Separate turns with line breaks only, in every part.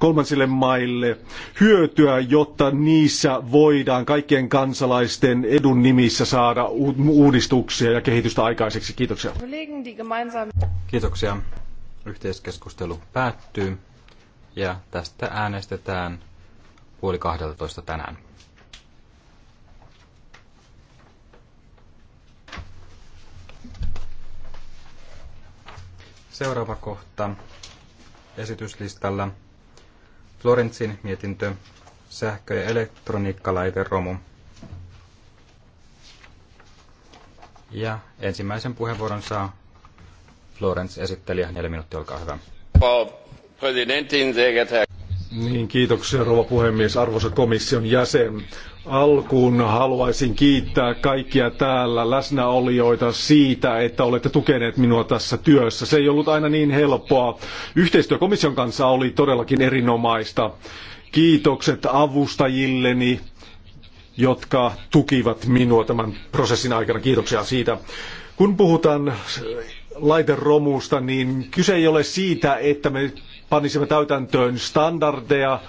kolmansille maille hyötyä, jotta niissä voidaan kaikkien kansalaisten edun nimissä saada uudistuksia ja kehitystä aikaiseksi. Kiitoksia. Kiitoksia. Yhteiskeskustelu päättyy
ja tästä äänestetään puoli 12 tänään. Seuraava kohta esityslistalla Florentsin mietintö, sähkö- ja elektroniikkalaiteromu. Ja ensimmäisen puheenvuoron saa Florence esittelijä. Neljä minuuttia, olkaa hyvä.
Niin, kiitoksia rouva puhemies, arvoisa komission jäsen. Alkuun haluaisin kiittää kaikkia täällä läsnäolijoita siitä, että olette tukeneet minua tässä työssä. Se ei ollut aina niin helppoa. Yhteistyö komission kanssa oli todellakin erinomaista. Kiitokset avustajilleni, jotka tukivat minua tämän prosessin aikana. Kiitoksia siitä. Kun puhutaan laiteromusta, niin kyse ei ole siitä, että me panisimme täytäntöön standardeja,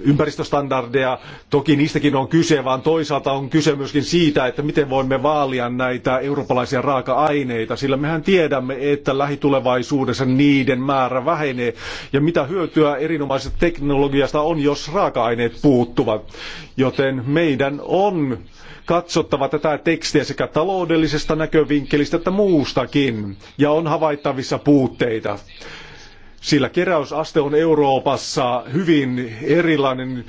ympäristöstandardeja. Toki niistäkin on kyse, vaan toisaalta on kyse myöskin siitä, että miten voimme vaalia näitä eurooppalaisia raaka-aineita, sillä mehän tiedämme, että lähitulevaisuudessa niiden määrä vähenee. Ja mitä hyötyä erinomaisesta teknologiasta on, jos raaka-aineet puuttuvat. Joten meidän on katsottava tätä tekstiä sekä taloudellisesta näkövinkkelistä että muustakin, ja on havaittavissa puutteita sillä keräysaste on Euroopassa hyvin erilainen.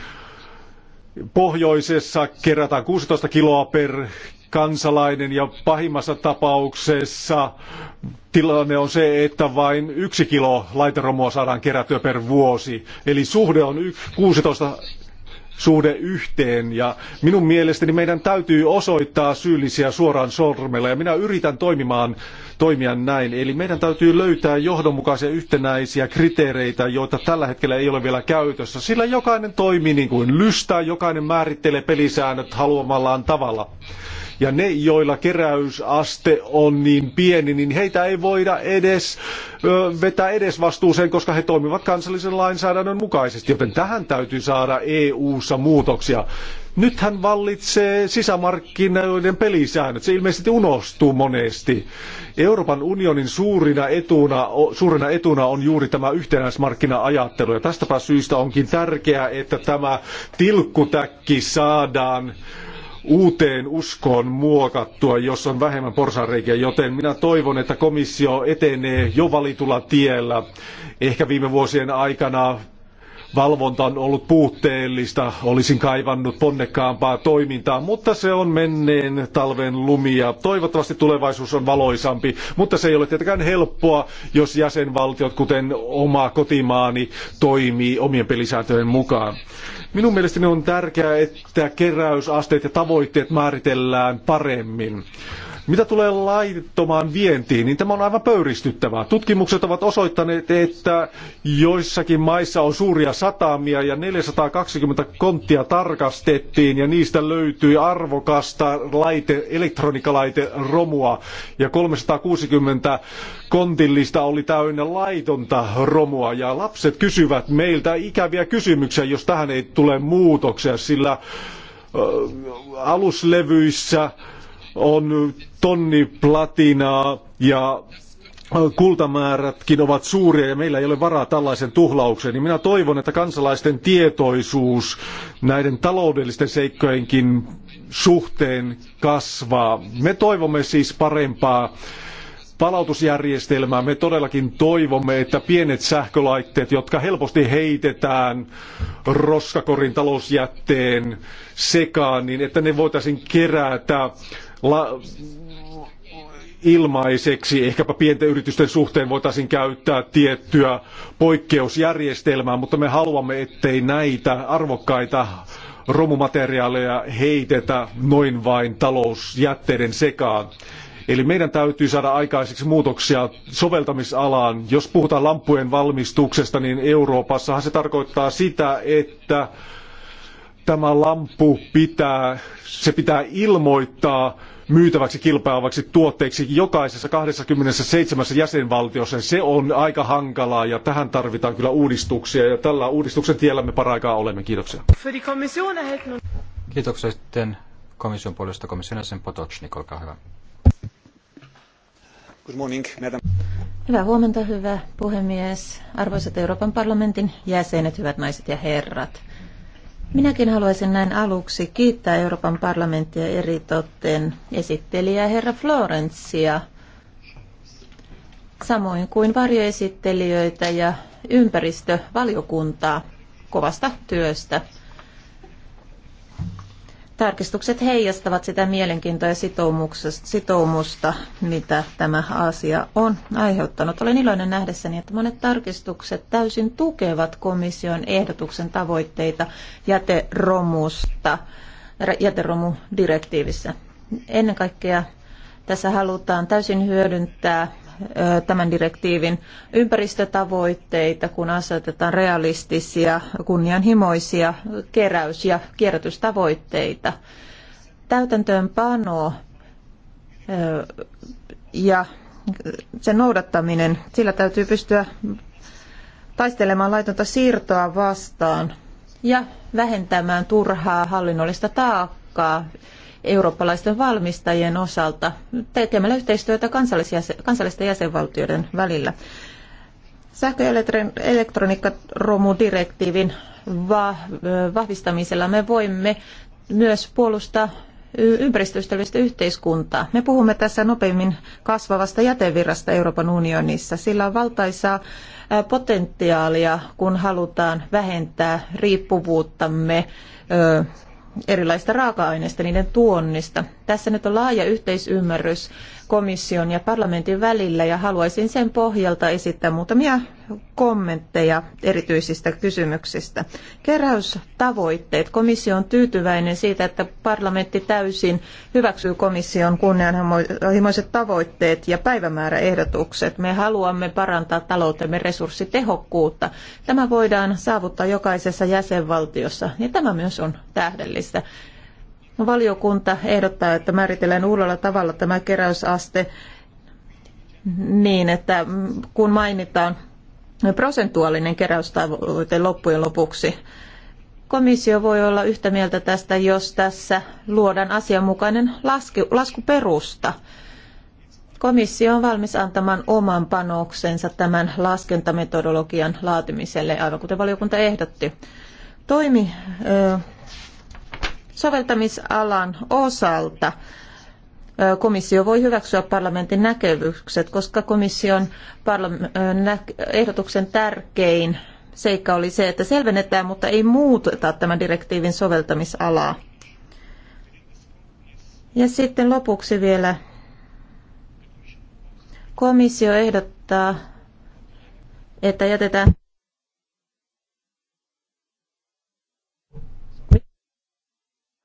Pohjoisessa kerätään 16 kiloa per kansalainen ja pahimmassa tapauksessa tilanne on se, että vain yksi kilo laiteromua saadaan kerättyä per vuosi. Eli suhde on 16 suhde yhteen. Ja minun mielestäni meidän täytyy osoittaa syyllisiä suoraan sormella ja minä yritän toimimaan toimia näin. Eli meidän täytyy löytää johdonmukaisia yhtenäisiä kriteereitä, joita tällä hetkellä ei ole vielä käytössä, sillä jokainen toimii niin kuin lystää, jokainen määrittelee pelisäännöt haluamallaan tavalla. Ja ne, joilla keräysaste on niin pieni, niin heitä ei voida edes vetää edes vastuuseen, koska he toimivat kansallisen lainsäädännön mukaisesti. Joten tähän täytyy saada EU-ssa muutoksia. Nythän vallitsee sisämarkkinoiden pelisäännöt. Se ilmeisesti unohtuu monesti. Euroopan unionin suurina etuna, suurina etuna on juuri tämä yhtenäismarkkina-ajattelu. Ja tästäpä syystä onkin tärkeää, että tämä tilkkutäkki saadaan uuteen uskoon muokattua, jos on vähemmän porsareikiä, joten minä toivon, että komissio etenee jo valitulla tiellä. Ehkä viime vuosien aikana valvonta on ollut puutteellista, olisin kaivannut ponnekkaampaa toimintaa, mutta se on menneen talven lumia. Toivottavasti tulevaisuus on valoisampi, mutta se ei ole tietenkään helppoa, jos jäsenvaltiot, kuten oma kotimaani, toimii omien pelisääntöjen mukaan. Minun mielestäni on tärkeää, että keräysasteet ja tavoitteet määritellään paremmin. Mitä tulee laittomaan vientiin, niin tämä on aivan pöyristyttävää. Tutkimukset ovat osoittaneet, että joissakin maissa on suuria satamia ja 420 konttia tarkastettiin ja niistä löytyi arvokasta laite, elektroniikalaite romua ja 360 kontillista oli täynnä laitonta romua ja lapset kysyvät meiltä ikäviä kysymyksiä, jos tähän ei tule muutoksia, sillä aluslevyissä on tonni platinaa ja kultamäärätkin ovat suuria ja meillä ei ole varaa tällaisen tuhlaukseen, niin minä toivon, että kansalaisten tietoisuus näiden taloudellisten seikkojenkin suhteen kasvaa. Me toivomme siis parempaa palautusjärjestelmää. Me todellakin toivomme, että pienet sähkölaitteet, jotka helposti heitetään roskakorin talousjätteen sekaan, niin että ne voitaisiin kerätä la, ilmaiseksi. Ehkäpä pienten yritysten suhteen voitaisiin käyttää tiettyä poikkeusjärjestelmää, mutta me haluamme, ettei näitä arvokkaita romumateriaaleja heitetä noin vain talousjätteiden sekaan. Eli meidän täytyy saada aikaiseksi muutoksia soveltamisalaan. Jos puhutaan lampujen valmistuksesta, niin Euroopassahan se tarkoittaa sitä, että tämä lampu pitää, se pitää ilmoittaa myytäväksi kilpaavaksi tuotteiksi jokaisessa 27 jäsenvaltiossa. Se on aika hankalaa ja tähän tarvitaan kyllä uudistuksia ja tällä uudistuksen tiellä me paraikaa olemme. Kiitoksia.
Kiitoksia sitten komission puolesta komission jäsen Potocnik, olkaa hyvä. Good morning,
madam. Hyvää huomenta, hyvä puhemies, arvoisat Euroopan parlamentin jäsenet, hyvät naiset ja herrat. Minäkin haluaisin näin aluksi kiittää Euroopan parlamenttia eri totten esittelijää herra Florencia, samoin kuin varjoesittelijöitä ja ympäristövaliokuntaa kovasta työstä. Tarkistukset heijastavat sitä mielenkiintoa ja sitoumusta, mitä tämä asia on aiheuttanut. Olen iloinen nähdessäni, että monet tarkistukset täysin tukevat komission ehdotuksen tavoitteita jäteromusta, jäteromudirektiivissä. Ennen kaikkea tässä halutaan täysin hyödyntää tämän direktiivin ympäristötavoitteita, kun asetetaan realistisia, kunnianhimoisia keräys- ja kierrätystavoitteita. Täytäntöönpano ja sen noudattaminen, sillä täytyy pystyä taistelemaan laitonta siirtoa vastaan ja vähentämään turhaa hallinnollista taakkaa eurooppalaisten valmistajien osalta tekemällä yhteistyötä kansallisten jäsenvaltioiden välillä. Sähkö- ja elektroniikkaromudirektiivin vahvistamisella me voimme myös puolustaa ympäristöystävällistä yhteiskuntaa. Me puhumme tässä nopeimmin kasvavasta jätevirrasta Euroopan unionissa. Sillä on valtaisaa potentiaalia, kun halutaan vähentää riippuvuuttamme erilaisista raaka-aineista, niiden tuonnista. Tässä nyt on laaja yhteisymmärrys komission ja parlamentin välillä ja haluaisin sen pohjalta esittää muutamia kommentteja erityisistä kysymyksistä. Keräystavoitteet. Komissio on tyytyväinen siitä, että parlamentti täysin hyväksyy komission kunnianhimoiset tavoitteet ja päivämääräehdotukset. Me haluamme parantaa taloutemme resurssitehokkuutta. Tämä voidaan saavuttaa jokaisessa jäsenvaltiossa ja tämä myös on tähdellistä. Valiokunta ehdottaa, että määritellään uudella tavalla tämä keräysaste niin, että kun mainitaan prosentuaalinen keräystavoite loppujen lopuksi. Komissio voi olla yhtä mieltä tästä, jos tässä luodaan asianmukainen lasku, laskuperusta. Komissio on valmis antamaan oman panoksensa tämän laskentametodologian laatimiselle, aivan kuten valiokunta ehdotti. Toimi soveltamisalan osalta komissio voi hyväksyä parlamentin näkemykset, koska komission ehdotuksen tärkein seikka oli se, että selvennetään, mutta ei muuteta tämän direktiivin soveltamisalaa. Ja sitten lopuksi vielä komissio ehdottaa, että jätetään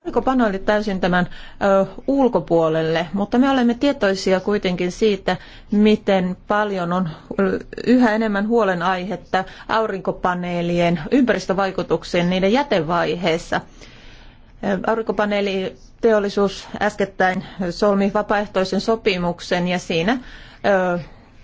oliko paneeli täysin tämän ö, ulkopuolelle, mutta me olemme tietoisia kuitenkin siitä, miten paljon on yhä enemmän huolenaihetta aurinkopaneelien ympäristövaikutuksiin niiden jätevaiheessa. Aurinkopaneeliteollisuus äskettäin solmi vapaaehtoisen sopimuksen ja siinä ö,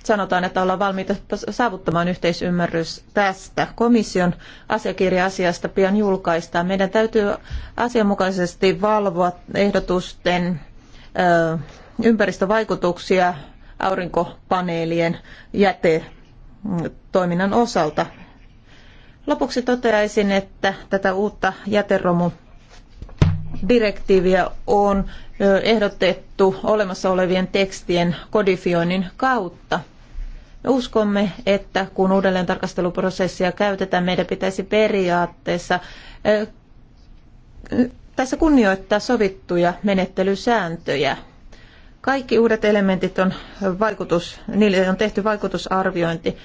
sanotaan, että ollaan valmiita saavuttamaan yhteisymmärrys tästä. Komission asiakirja asiasta pian julkaistaan. Meidän täytyy asianmukaisesti valvoa ehdotusten ö, ympäristövaikutuksia aurinkopaneelien jätetoiminnan osalta. Lopuksi toteaisin, että tätä uutta jäteromu direktiiviä on ehdotettu olemassa olevien tekstien kodifioinnin kautta. Me uskomme, että kun uudelleen tarkasteluprosessia käytetään, meidän pitäisi periaatteessa tässä kunnioittaa sovittuja menettelysääntöjä. Kaikki uudet elementit on vaikutus, niille on tehty vaikutusarviointi.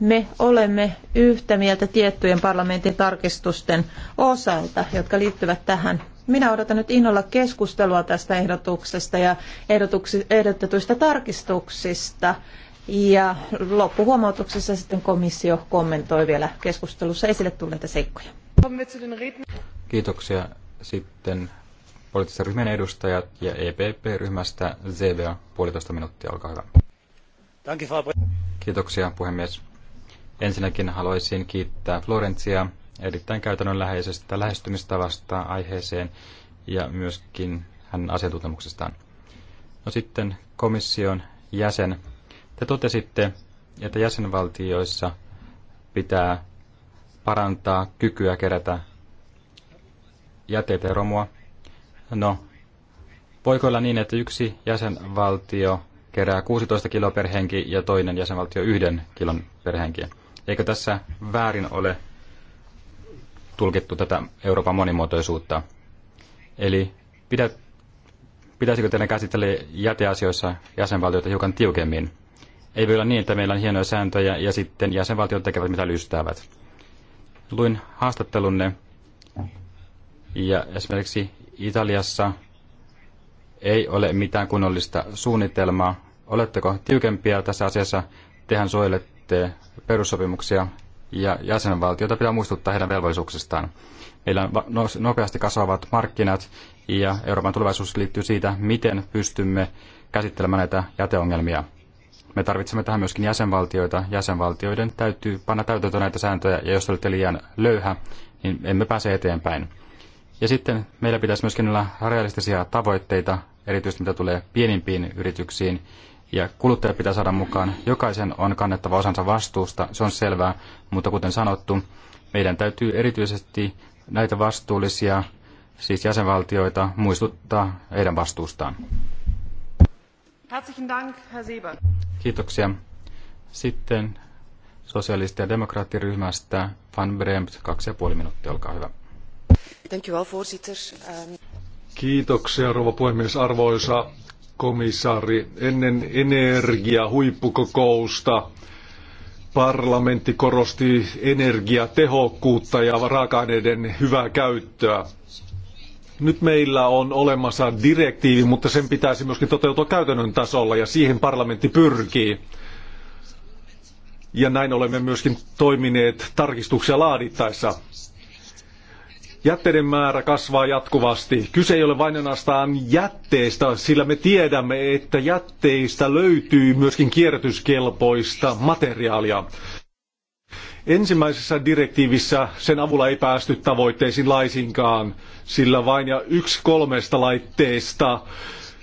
Me olemme yhtä mieltä tiettyjen parlamentin tarkistusten osalta, jotka liittyvät tähän minä odotan nyt innolla keskustelua tästä ehdotuksesta ja ehdotetuista tarkistuksista. Ja loppuhuomautuksessa sitten komissio kommentoi vielä keskustelussa esille tulleita seikkoja.
Kiitoksia sitten poliittisen ryhmän edustajat ja EPP-ryhmästä ZVA puolitoista minuuttia, olkaa hyvä. Kiitoksia puhemies. Ensinnäkin haluaisin kiittää Florencia erittäin käytännönläheisestä lähestymistavasta aiheeseen ja myöskin hänen asiantuntemuksestaan. No sitten komission jäsen te totesitte, että jäsenvaltioissa pitää parantaa kykyä kerätä jäteitä ja romua. No, voiko olla niin, että yksi jäsenvaltio kerää 16 kiloa per henki ja toinen jäsenvaltio yhden kilon per henki? Eikö tässä väärin ole tulkittu tätä Euroopan monimuotoisuutta? Eli pidä, pitäisikö teidän käsitellä jäteasioissa jäsenvaltioita hiukan tiukemmin? Ei voi olla niin, että meillä on hienoja sääntöjä ja sitten jäsenvaltiot tekevät mitä lystäävät. Luin haastattelunne ja esimerkiksi Italiassa ei ole mitään kunnollista suunnitelmaa. Oletteko tiukempia tässä asiassa? Tehän suojelette perussopimuksia ja jäsenvaltiota pitää muistuttaa heidän velvollisuuksistaan. Meillä on nopeasti kasvavat markkinat ja Euroopan tulevaisuus liittyy siitä, miten pystymme käsittelemään näitä jäteongelmia. Me tarvitsemme tähän myöskin jäsenvaltioita. Jäsenvaltioiden täytyy panna täytäntöön näitä sääntöjä, ja jos olette liian löyhä, niin emme pääse eteenpäin. Ja sitten meillä pitäisi myöskin olla realistisia tavoitteita, erityisesti mitä tulee pienimpiin yrityksiin, ja kuluttajat pitää saada mukaan. Jokaisen on kannettava osansa vastuusta, se on selvää, mutta kuten sanottu, meidän täytyy erityisesti näitä vastuullisia, siis jäsenvaltioita, muistuttaa heidän vastuustaan.
Herzlichen Dank, Herr Seber.
Kiitoksia. Sitten sosialisti- ja demokraattiryhmästä Van Bremt, kaksi ja
puoli minuuttia, olkaa hyvä.
Thank you all, voorzitter. Ehm,
Kiitoksia, rouva puhemies. Arvoisa komissaari, ennen energiahuippukokousta parlamentti korosti energiatehokkuutta ja raaka-aineiden hyvää käyttöä. Nyt meillä on olemassa direktiivi, mutta sen pitäisi myöskin toteutua käytännön tasolla ja siihen parlamentti pyrkii. Ja näin olemme myöskin toimineet tarkistuksia laadittaessa. Jätteiden määrä kasvaa jatkuvasti. Kyse ei ole vain ainoastaan jätteistä, sillä me tiedämme, että jätteistä löytyy myöskin kierrätyskelpoista materiaalia. Ensimmäisessä direktiivissä sen avulla ei päästy tavoitteisiin laisinkaan, sillä vain ja yksi kolmesta laitteesta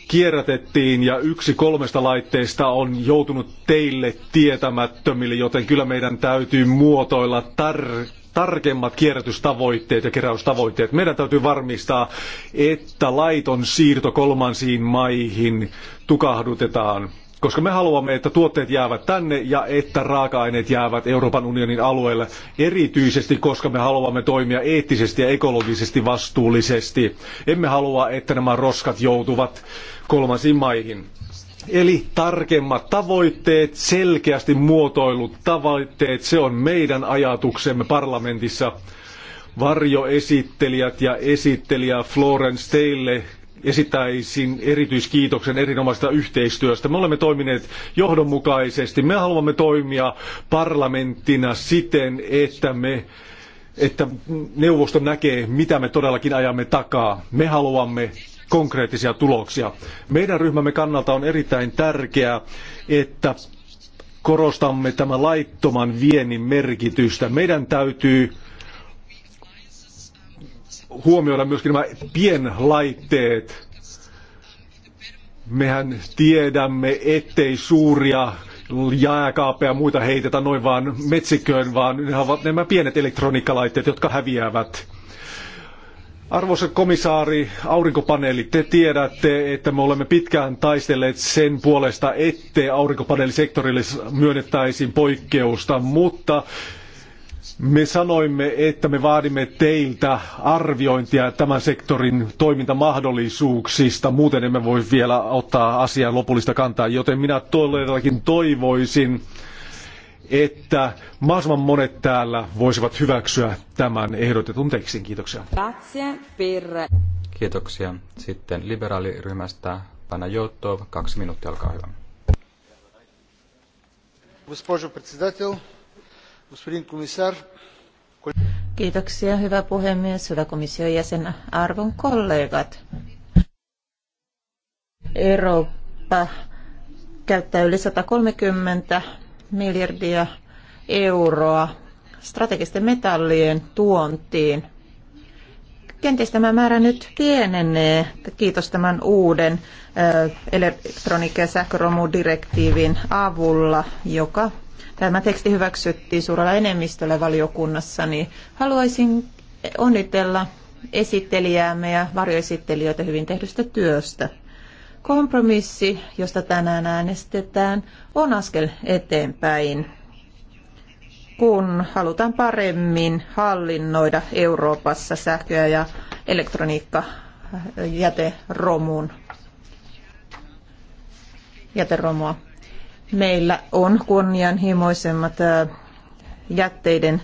kierrätettiin ja yksi kolmesta laitteesta on joutunut teille tietämättömille, joten kyllä meidän täytyy muotoilla tar- tarkemmat kierrätystavoitteet ja keräystavoitteet. Meidän täytyy varmistaa, että laiton siirto kolmansiin maihin tukahdutetaan koska me haluamme, että tuotteet jäävät tänne ja että raaka-aineet jäävät Euroopan unionin alueelle erityisesti, koska me haluamme toimia eettisesti ja ekologisesti vastuullisesti. Emme halua, että nämä roskat joutuvat kolmansiin maihin. Eli tarkemmat tavoitteet, selkeästi muotoilut tavoitteet, se on meidän ajatuksemme parlamentissa. Varjoesittelijät ja esittelijä Florence teille esittäisin erityiskiitoksen erinomaisesta yhteistyöstä. Me olemme toimineet johdonmukaisesti. Me haluamme toimia parlamenttina siten, että me että neuvosto näkee, mitä me todellakin ajamme takaa. Me haluamme konkreettisia tuloksia. Meidän ryhmämme kannalta on erittäin tärkeää, että korostamme tämän laittoman viennin merkitystä. Meidän täytyy huomioida myöskin nämä pienlaitteet. Mehän tiedämme, ettei suuria jääkaapeja ja muita heitetä noin vaan metsiköön, vaan ne ovat nämä pienet elektroniikkalaitteet, jotka häviävät. Arvoisa komissaari, aurinkopaneeli, te tiedätte, että me olemme pitkään taistelleet sen puolesta, ettei aurinkopaneelisektorille myönnettäisiin poikkeusta, mutta me sanoimme, että me vaadimme teiltä arviointia tämän sektorin toimintamahdollisuuksista, muuten emme voi vielä ottaa asiaan lopullista kantaa, joten minä todellakin toivoisin, että mahdollisimman monet täällä voisivat hyväksyä tämän ehdotetun tekstin. Kiitoksia. Kiitoksia. Sitten
liberaaliryhmästä Joutov. kaksi minuuttia, olkaa hyvä. Госпожо председател,
Kiitoksia, hyvä puhemies, hyvä komission jäsen, arvon kollegat. Eurooppa käyttää yli 130 miljardia euroa strategisten metallien tuontiin. Kenties tämä määrä nyt pienenee, kiitos tämän uuden elektroniikka- ja sähköromudirektiivin avulla, joka Tämä teksti hyväksyttiin suurella enemmistöllä valiokunnassa, niin haluaisin onnitella esittelijäämme ja varjoesittelijöitä hyvin tehdystä työstä. Kompromissi, josta tänään äänestetään, on askel eteenpäin, kun halutaan paremmin hallinnoida Euroopassa sähköä ja elektroniikka jäteromun jäteromua meillä on kunnianhimoisemmat jätteiden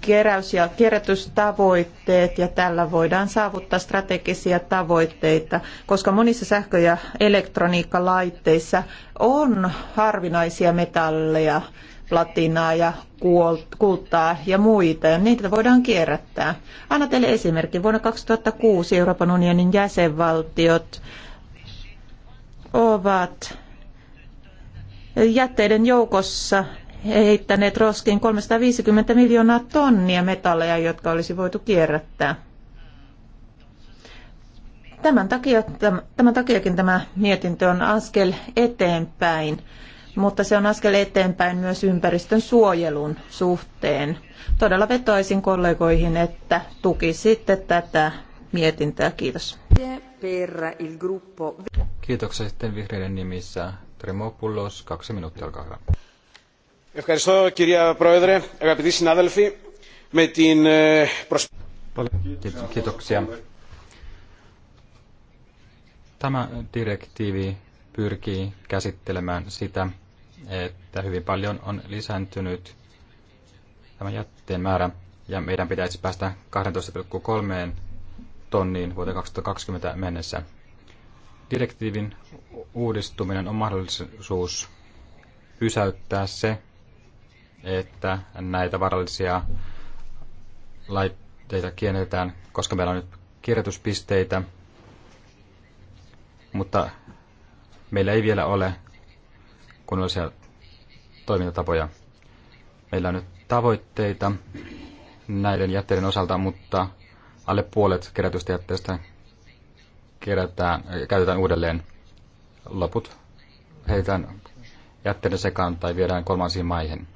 keräys- ja kierrätystavoitteet ja tällä voidaan saavuttaa strategisia tavoitteita, koska monissa sähkö- ja elektroniikkalaitteissa on harvinaisia metalleja, platinaa ja kultaa ja muita, ja niitä voidaan kierrättää. Anna teille esimerkki. Vuonna 2006 Euroopan unionin jäsenvaltiot ovat jätteiden joukossa heittäneet roskiin 350 miljoonaa tonnia metalleja, jotka olisi voitu kierrättää. Tämän, takia, tämän takiakin tämä mietintö on askel eteenpäin, mutta se on askel eteenpäin myös ympäristön suojelun suhteen. Todella vetoaisin kollegoihin, että tukisitte tätä mietintää. Kiitos.
Kiitoksia sitten vihreiden nimissä
Ευχαριστώ κυρία Πρόεδρε, αγαπητοί συνάδελφοι. Με την
Tämä direktiivi pyrkii käsittelemään sitä, että hyvin paljon on lisääntynyt tämä jätteen määrä ja meidän pitäisi päästä 12,3 tonniin vuoteen 2020 mennessä. Direktiivin uudistuminen on mahdollisuus pysäyttää se, että näitä varallisia laitteita kielletään, koska meillä on nyt kierrätyspisteitä, mutta meillä ei vielä ole kunnollisia toimintatapoja. Meillä on nyt tavoitteita näiden jätteiden osalta, mutta alle puolet kerätystä jätteestä kerätään, käytetään uudelleen. Loput heitetään jätteiden sekaan tai viedään kolmansiin maihin.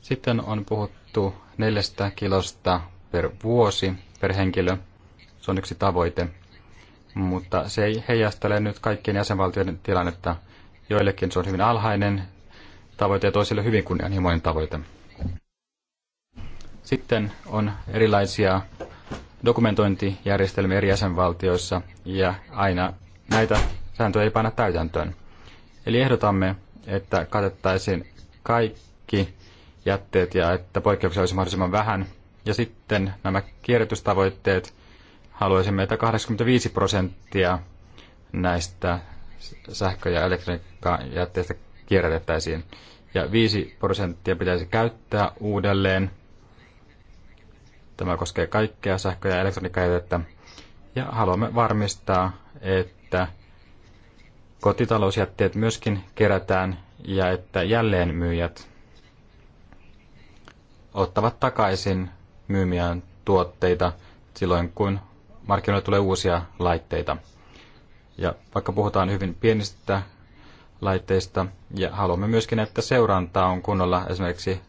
Sitten on puhuttu neljästä kilosta per vuosi per henkilö. Se on yksi tavoite. Mutta se ei heijastele nyt kaikkien jäsenvaltioiden tilannetta. Joillekin se on hyvin alhainen tavoite ja toisille hyvin kunnianhimoinen tavoite. Sitten on erilaisia dokumentointijärjestelmiä eri jäsenvaltioissa ja aina näitä sääntöjä ei panna täytäntöön. Eli ehdotamme, että katettaisiin kaikki jätteet ja että poikkeuksia olisi mahdollisimman vähän. Ja sitten nämä kierrätystavoitteet, haluaisimme, että 85 prosenttia näistä sähkö- ja elektroniikkajätteistä kierrätettäisiin. Ja 5 prosenttia pitäisi käyttää uudelleen Tämä koskee kaikkea sähkö- ja elektroniikkajätettä. Ja haluamme varmistaa, että kotitalousjätteet myöskin kerätään ja että jälleenmyyjät ottavat takaisin myymiään tuotteita silloin, kun markkinoille tulee uusia laitteita. Ja vaikka puhutaan hyvin pienistä laitteista, ja haluamme myöskin, että seurantaa on kunnolla esimerkiksi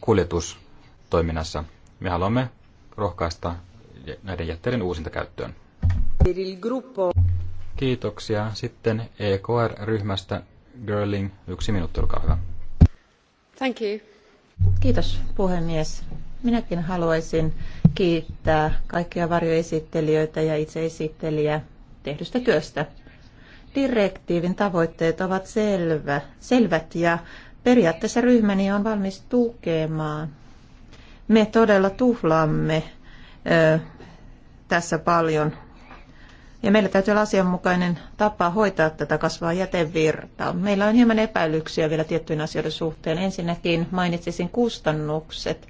kuljetustoiminnassa. Me haluamme rohkaista näiden jätteiden uusinta käyttöön. Kiitoksia. Sitten EKR-ryhmästä Girling, yksi minuutti, olkaa hyvä.
Thank you. Kiitos puhemies. Minäkin haluaisin kiittää kaikkia varjoesittelijöitä ja itse esittelijä tehdystä työstä. Direktiivin tavoitteet ovat selvä, selvät ja periaatteessa ryhmäni on valmis tukemaan me todella tuhlaamme ö, tässä paljon. Ja meillä täytyy olla asianmukainen tapa hoitaa tätä kasvaa jätevirtaa. Meillä on hieman epäilyksiä vielä tiettyjen asioiden suhteen. Ensinnäkin mainitsisin kustannukset.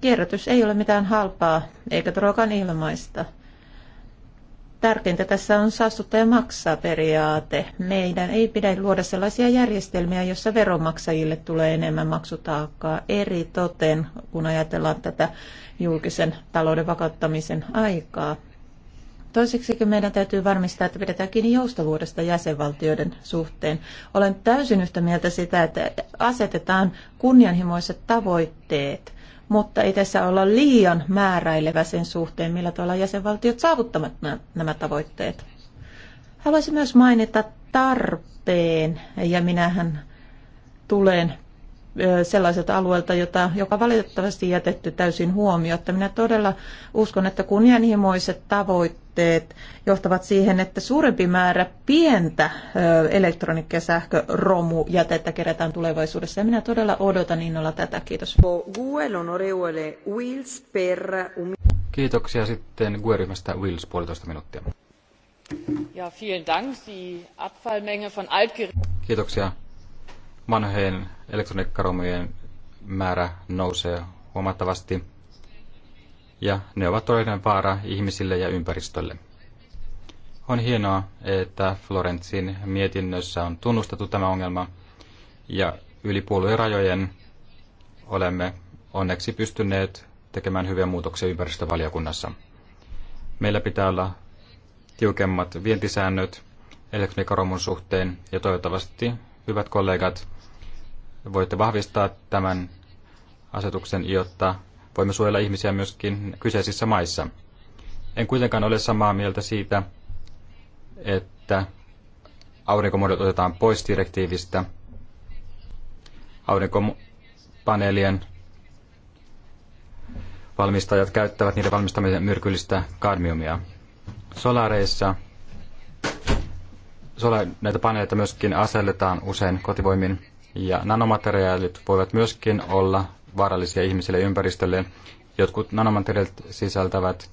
Kierrätys ei ole mitään halpaa, eikä todellakaan ilmaista. Tärkeintä tässä on saastuttaja maksaa periaate. Meidän ei pidä luoda sellaisia järjestelmiä, jossa veronmaksajille tulee enemmän maksutaakkaa eri toten, kun ajatellaan tätä julkisen talouden vakauttamisen aikaa. Toiseksi meidän täytyy varmistaa, että pidetään kiinni joustavuudesta jäsenvaltioiden suhteen. Olen täysin yhtä mieltä sitä, että asetetaan kunnianhimoiset tavoitteet mutta ei tässä olla liian määräilevä sen suhteen, millä tavalla jäsenvaltiot saavuttavat nämä tavoitteet. Haluaisin myös mainita tarpeen, ja minähän tulen sellaiselta alueelta, jota, joka valitettavasti jätetty täysin huomiotta. Minä todella uskon, että kunnianhimoiset tavoitteet johtavat siihen, että suurempi määrä pientä elektroniikka- ja sähköromujätettä kerätään tulevaisuudessa. Ja minä todella odotan innolla tätä. Kiitos.
Kiitoksia sitten GUE-ryhmästä Wills puolitoista minuuttia.
Ja, vielen Dank. Die Abfallmenge von
Kiitoksia vanhojen elektroniikkaromujen määrä nousee huomattavasti ja ne ovat todellinen vaara ihmisille ja ympäristölle. On hienoa, että Florentsin mietinnössä on tunnustettu tämä ongelma ja yli rajojen olemme onneksi pystyneet tekemään hyviä muutoksia ympäristövaliokunnassa. Meillä pitää olla tiukemmat vientisäännöt elektroniikkaromun suhteen ja toivottavasti hyvät kollegat voitte vahvistaa tämän asetuksen, jotta voimme suojella ihmisiä myöskin kyseisissä maissa. En kuitenkaan ole samaa mieltä siitä, että aurinkomuodot otetaan pois direktiivistä. Aurinkopaneelien valmistajat käyttävät niiden valmistamiseen myrkyllistä kadmiumia. Solareissa näitä paneeleita myöskin aselletaan usein kotivoimin ja nanomateriaalit voivat myöskin olla vaarallisia ihmisille ja ympäristölle. Jotkut nanomateriaalit sisältävät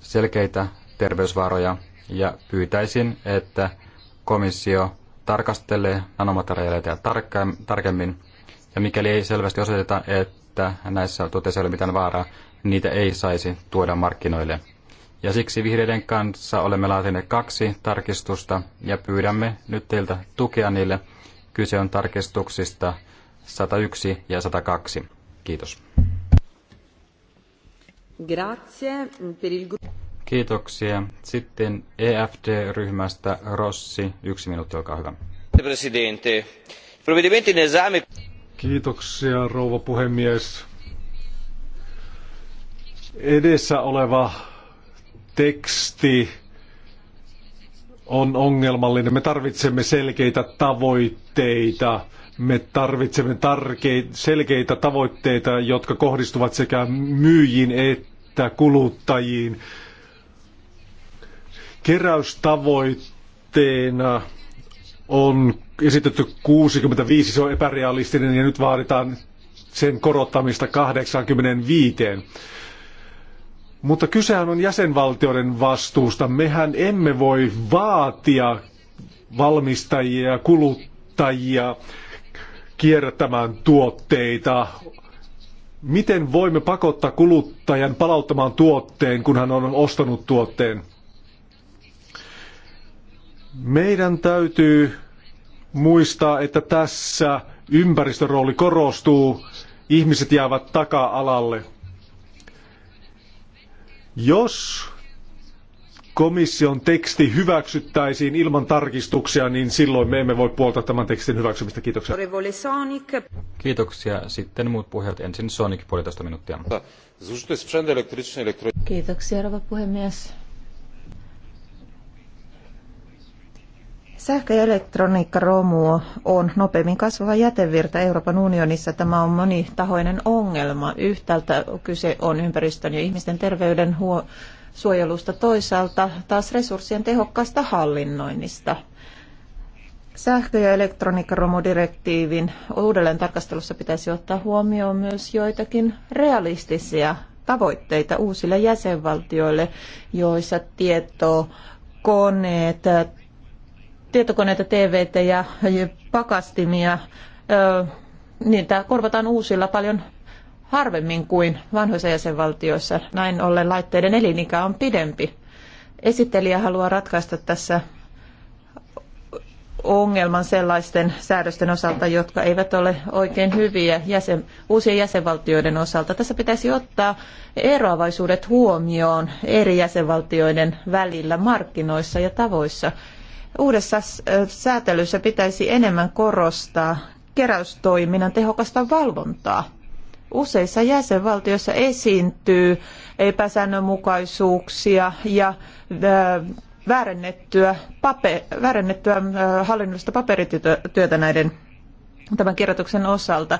selkeitä terveysvaaroja ja pyytäisin, että komissio tarkastelee nanomateriaaleja tarkemmin. Ja mikäli ei selvästi osoiteta, että näissä tuotteissa ei ole mitään vaaraa, niitä ei saisi tuoda markkinoille. Ja siksi vihreiden kanssa olemme laatineet kaksi tarkistusta ja pyydämme nyt teiltä tukea niille, Kyse on tarkistuksista 101 ja 102. Kiitos.
Grazie per il...
Kiitoksia. Sitten EFD-ryhmästä Rossi. Yksi minuutti, olkaa hyvä.
Presidente. Provvedimenti
Kiitoksia, rouva puhemies. Edessä oleva teksti on ongelmallinen. Me tarvitsemme selkeitä tavoitteita tavoitteita. Me tarvitsemme tarkeita, selkeitä tavoitteita, jotka kohdistuvat sekä myyjiin että kuluttajiin. Keräystavoitteena on esitetty 65, se on epärealistinen ja nyt vaaditaan sen korottamista 85. Mutta kysehän on jäsenvaltioiden vastuusta. Mehän emme voi vaatia valmistajia ja kuluttajia kuluttajia kierrättämään tuotteita. Miten voimme pakottaa kuluttajan palauttamaan tuotteen, kun hän on ostanut tuotteen? Meidän täytyy muistaa, että tässä ympäristörooli korostuu, ihmiset jäävät taka-alalle. Jos komission teksti hyväksyttäisiin ilman tarkistuksia, niin silloin me emme voi puoltaa tämän tekstin hyväksymistä. Kiitoksia. Kiitoksia. Sitten muut
puheet. Ensin Sonic, puolitoista minuuttia.
Kiitoksia, rouva puhemies. Sähkö- ja elektroniikkaromu on nopeimmin kasvava jätevirta Euroopan unionissa. Tämä on monitahoinen ongelma. Yhtäältä kyse on ympäristön ja ihmisten terveyden huo- suojelusta, toisaalta taas resurssien tehokkaasta hallinnoinnista. Sähkö- ja elektroniikkaromodirektiivin uudelleen tarkastelussa pitäisi ottaa huomioon myös joitakin realistisia tavoitteita uusille jäsenvaltioille, joissa tietokoneet, tietokoneita, TVT ja pakastimia, niitä korvataan uusilla paljon harvemmin kuin vanhoissa jäsenvaltioissa. Näin ollen laitteiden elinikä on pidempi. Esittelijä haluaa ratkaista tässä ongelman sellaisten säädösten osalta, jotka eivät ole oikein hyviä jäsen, uusien jäsenvaltioiden osalta. Tässä pitäisi ottaa eroavaisuudet huomioon eri jäsenvaltioiden välillä markkinoissa ja tavoissa. Uudessa säätelyssä pitäisi enemmän korostaa keräystoiminnan tehokasta valvontaa useissa jäsenvaltioissa esiintyy epäsäännönmukaisuuksia ja väärennettyä, paper, väärennettyä hallinnollista paperityötä näiden tämän kirjoituksen osalta.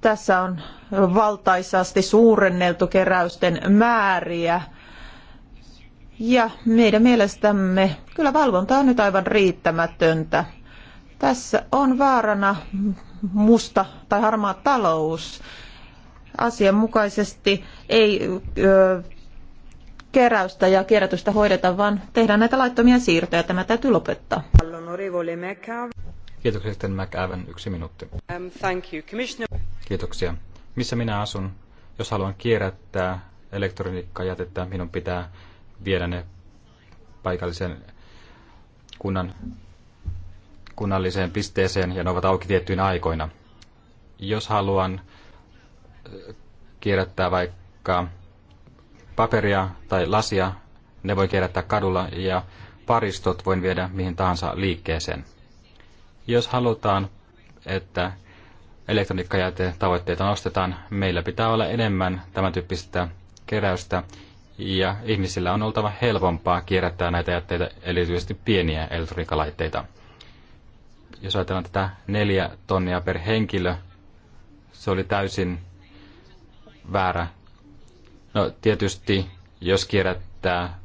Tässä on valtaisasti suurenneltu keräysten määriä. Ja meidän mielestämme kyllä valvonta on nyt aivan riittämätöntä. Tässä on vaarana musta tai harmaa talous. Asianmukaisesti ei ö, keräystä ja kierrätystä hoideta, vaan tehdään näitä laittomia siirtoja. Tämä täytyy lopettaa.
Kiitoksia sitten McAven. Yksi minuutti. Um,
thank you. Commissioner...
Kiitoksia. Missä minä asun? Jos haluan kierrättää elektroniikkajätettä, minun pitää viedä ne paikallisen kunnan kunnalliseen pisteeseen ja ne ovat auki tiettyinä aikoina. Jos haluan äh, kierrättää vaikka paperia tai lasia, ne voi kierrättää kadulla ja paristot voin viedä mihin tahansa liikkeeseen. Jos halutaan, että tavoitteita nostetaan, meillä pitää olla enemmän tämän tyyppistä keräystä ja ihmisillä on oltava helpompaa kierrättää näitä jätteitä, erityisesti pieniä elektroniikkalaitteita jos ajatellaan tätä neljä tonnia per henkilö, se oli täysin väärä. No tietysti, jos kierrättää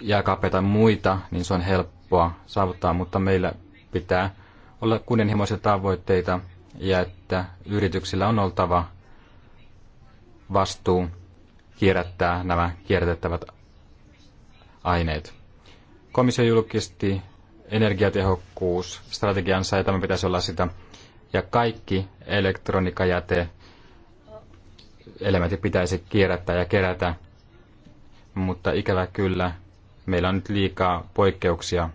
jääkaapeita muita, niin se on helppoa saavuttaa, mutta meillä pitää olla kunnianhimoisia tavoitteita ja että yrityksillä on oltava vastuu kierrättää nämä kierrätettävät aineet. Komissio julkisti energiatehokkuusstrategiansa ja tämä pitäisi olla sitä. Ja kaikki elektroniikkajäte elementit pitäisi kierrättää ja kerätä, mutta ikävä kyllä meillä on nyt liikaa poikkeuksia.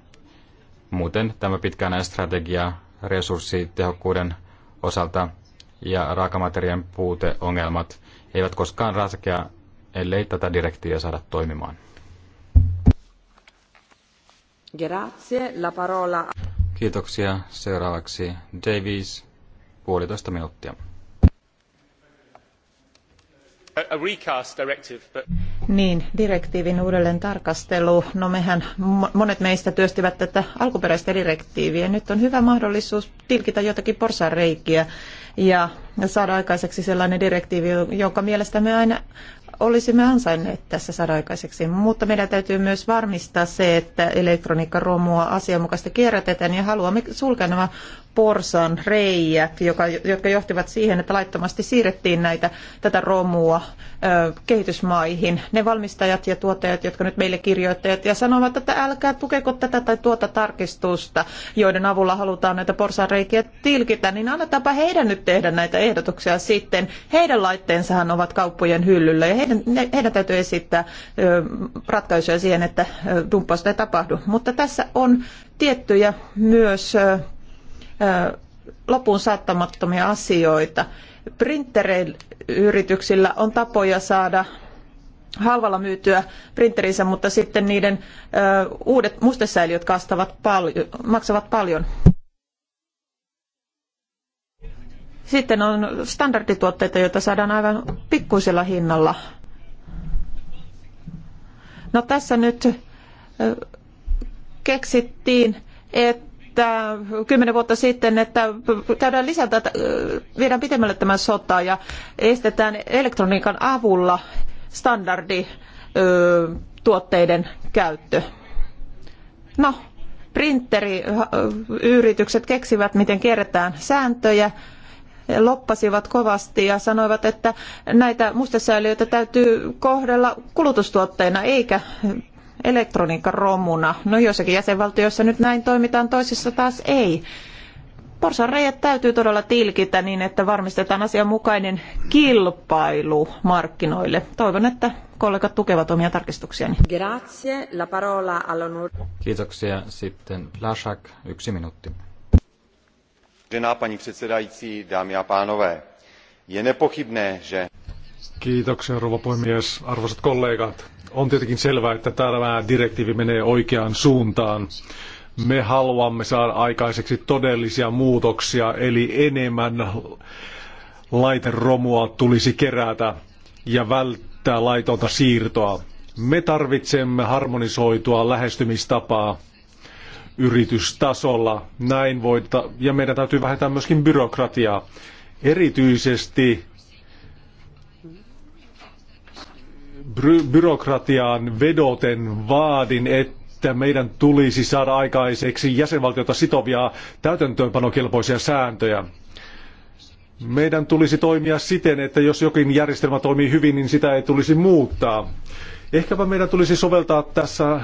Muuten tämä pitkään strategia resurssitehokkuuden osalta ja raakamateriaalien puuteongelmat eivät koskaan ratkea, ellei tätä direktiiviä saada toimimaan.
Grazie. La parola...
Kiitoksia. Seuraavaksi Davies, puolitoista minuuttia.
A recast directive, but...
Niin, direktiivin uudelleen tarkastelu. No mehän, monet meistä työstivät tätä alkuperäistä direktiiviä. Nyt on hyvä mahdollisuus tilkitä jotakin porsareikiä ja saada aikaiseksi sellainen direktiivi, jonka me aina olisimme ansainneet tässä saada aikaiseksi. Mutta meidän täytyy myös varmistaa se, että elektroniikkaromua asianmukaisesti kierrätetään ja haluamme sulkea nämä porsan reijät, joka, jotka johtivat siihen, että laittomasti siirrettiin näitä, tätä romua ö, kehitysmaihin. Ne valmistajat ja tuottajat, jotka nyt meille kirjoittajat ja sanovat, että älkää tukeko tätä tai tuota tarkistusta, joiden avulla halutaan näitä reikiä tilkitä, niin annetaanpa heidän nyt tehdä näitä ehdotuksia sitten. Heidän laitteensahan ovat kauppojen hyllyllä ja heidän, ne, heidän täytyy esittää ö, ratkaisuja siihen, että dumppausta ei tapahdu. Mutta tässä on tiettyjä myös lopun saattamattomia asioita. Printeriyrityksillä on tapoja saada halvalla myytyä printerinsä, mutta sitten niiden uudet mustesäiliöt kastavat maksavat paljon. Sitten on standardituotteita, joita saadaan aivan pikkuisella hinnalla. No tässä nyt keksittiin, että että kymmenen vuotta sitten, että käydään lisätä, että viedään pitemmälle tämän sotaa ja estetään elektroniikan avulla standardi tuotteiden käyttö. No, printeriyritykset keksivät, miten kierretään sääntöjä, loppasivat kovasti ja sanoivat, että näitä mustesäiliöitä täytyy kohdella kulutustuotteina eikä elektroniikkaromuna. No joissakin jäsenvaltioissa nyt näin toimitaan, toisissa taas ei. Porsanreijät täytyy todella tilkitä niin, että varmistetaan asianmukainen kilpailu markkinoille. Toivon, että kollegat tukevat omia tarkistuksiani.
Grazie. La parola
Kiitoksia. Sitten Plashak, yksi minuutti.
Vážená paní předsedající, dámy a pánové, je nepochybné, že Kiitoksia, rouva puhemies. Arvoisat kollegat, on tietenkin selvää, että tämä direktiivi menee oikeaan suuntaan. Me haluamme saada aikaiseksi todellisia muutoksia, eli enemmän laiteromua tulisi kerätä ja välttää laitonta siirtoa. Me tarvitsemme harmonisoitua lähestymistapaa yritystasolla. Näin voita, ja meidän täytyy vähentää myöskin byrokratiaa. Erityisesti by- byrokratiaan vedoten vaadin, että meidän tulisi saada aikaiseksi jäsenvaltiota sitovia täytäntöönpanokelpoisia sääntöjä. Meidän tulisi toimia siten, että jos jokin järjestelmä toimii hyvin, niin sitä ei tulisi muuttaa. Ehkäpä meidän tulisi soveltaa tässä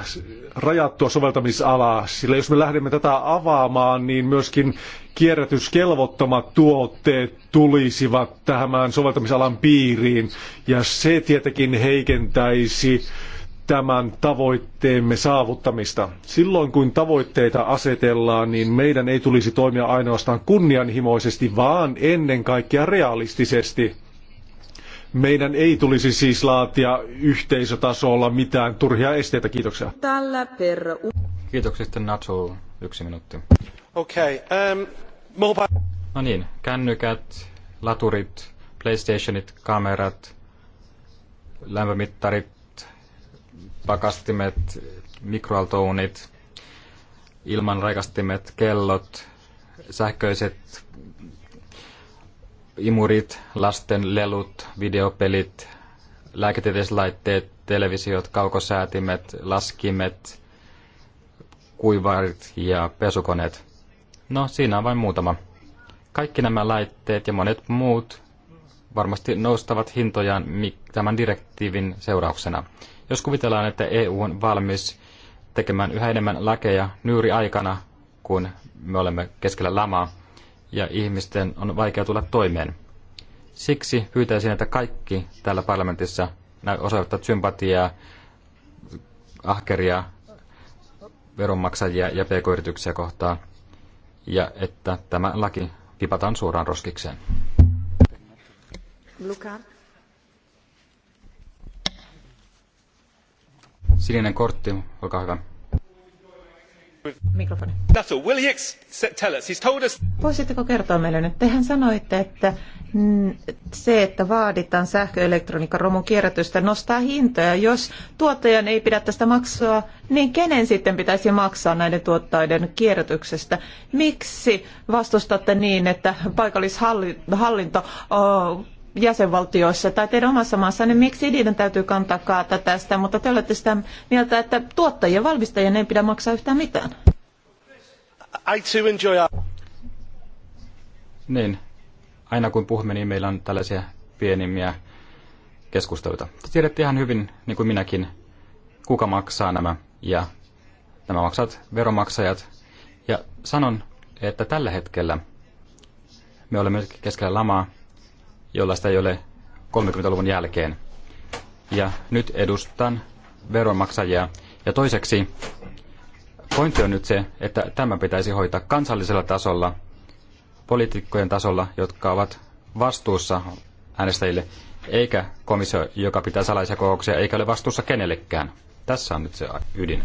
rajattua soveltamisalaa, sillä jos me lähdemme tätä avaamaan, niin myöskin kierrätyskelvottomat tuotteet tulisivat tähän soveltamisalan piiriin, ja se tietenkin heikentäisi tämän tavoitteemme saavuttamista. Silloin kun tavoitteita asetellaan, niin meidän ei tulisi toimia ainoastaan kunnianhimoisesti, vaan ennen kaikkea realistisesti. Meidän ei tulisi siis laatia yhteisötasolla mitään turhia esteitä. Kiitoksia.
Tällä per...
Kiitoksia sitten Nacho. Yksi minuutti. Okei. Okay,
um, ähm, No niin, kännykät, laturit, PlayStationit, kamerat, lämpömittarit, pakastimet, mikroaltounit, ilmanraikastimet, kellot, sähköiset imurit, lasten lelut, videopelit, lääketieteelliset laitteet, televisiot, kaukosäätimet, laskimet, kuivarit ja pesukoneet. No, siinä on vain muutama. Kaikki nämä laitteet ja monet muut varmasti noustavat hintojaan tämän direktiivin seurauksena. Jos kuvitellaan, että EU on valmis tekemään yhä enemmän lakeja nyyri aikana, kun me olemme keskellä lamaa, ja ihmisten on vaikea tulla toimeen. Siksi pyytäisin, että kaikki täällä parlamentissa osoittavat sympatiaa, ahkeria veronmaksajia ja pk-yrityksiä kohtaan, ja että tämä laki pipataan suoraan roskikseen. Luka. Sininen kortti, olkaa hyvä.
Voisitteko kertoa meille nyt? Tehän sanoitte, että se, että vaaditaan sähköelektroniikan romun kierrätystä, nostaa hintoja. Jos tuottajan ei pidä tästä maksua, niin kenen sitten pitäisi maksaa näiden tuottajien kierrätyksestä? Miksi vastustatte niin, että paikallishallinto jäsenvaltioissa tai teidän omassa maassanne, niin miksi niiden täytyy kantaa kaata tästä, mutta te olette sitä mieltä, että tuottajien ja valmistajien ei pidä maksaa yhtään mitään.
I too enjoy our...
Niin, aina kun puhumme, niin meillä on tällaisia pienimmiä keskusteluita. Te tiedätte ihan hyvin, niin kuin minäkin, kuka maksaa nämä ja nämä maksat veromaksajat. Ja sanon, että tällä hetkellä me olemme keskellä lamaa jollaista ei ole 30-luvun jälkeen. Ja nyt edustan veronmaksajia. Ja toiseksi pointti on nyt se, että tämä pitäisi hoitaa kansallisella tasolla, poliitikkojen tasolla, jotka ovat vastuussa äänestäjille, eikä komissio, joka pitää salaisia kokouksia, eikä ole vastuussa kenellekään. Tässä on nyt se ydin.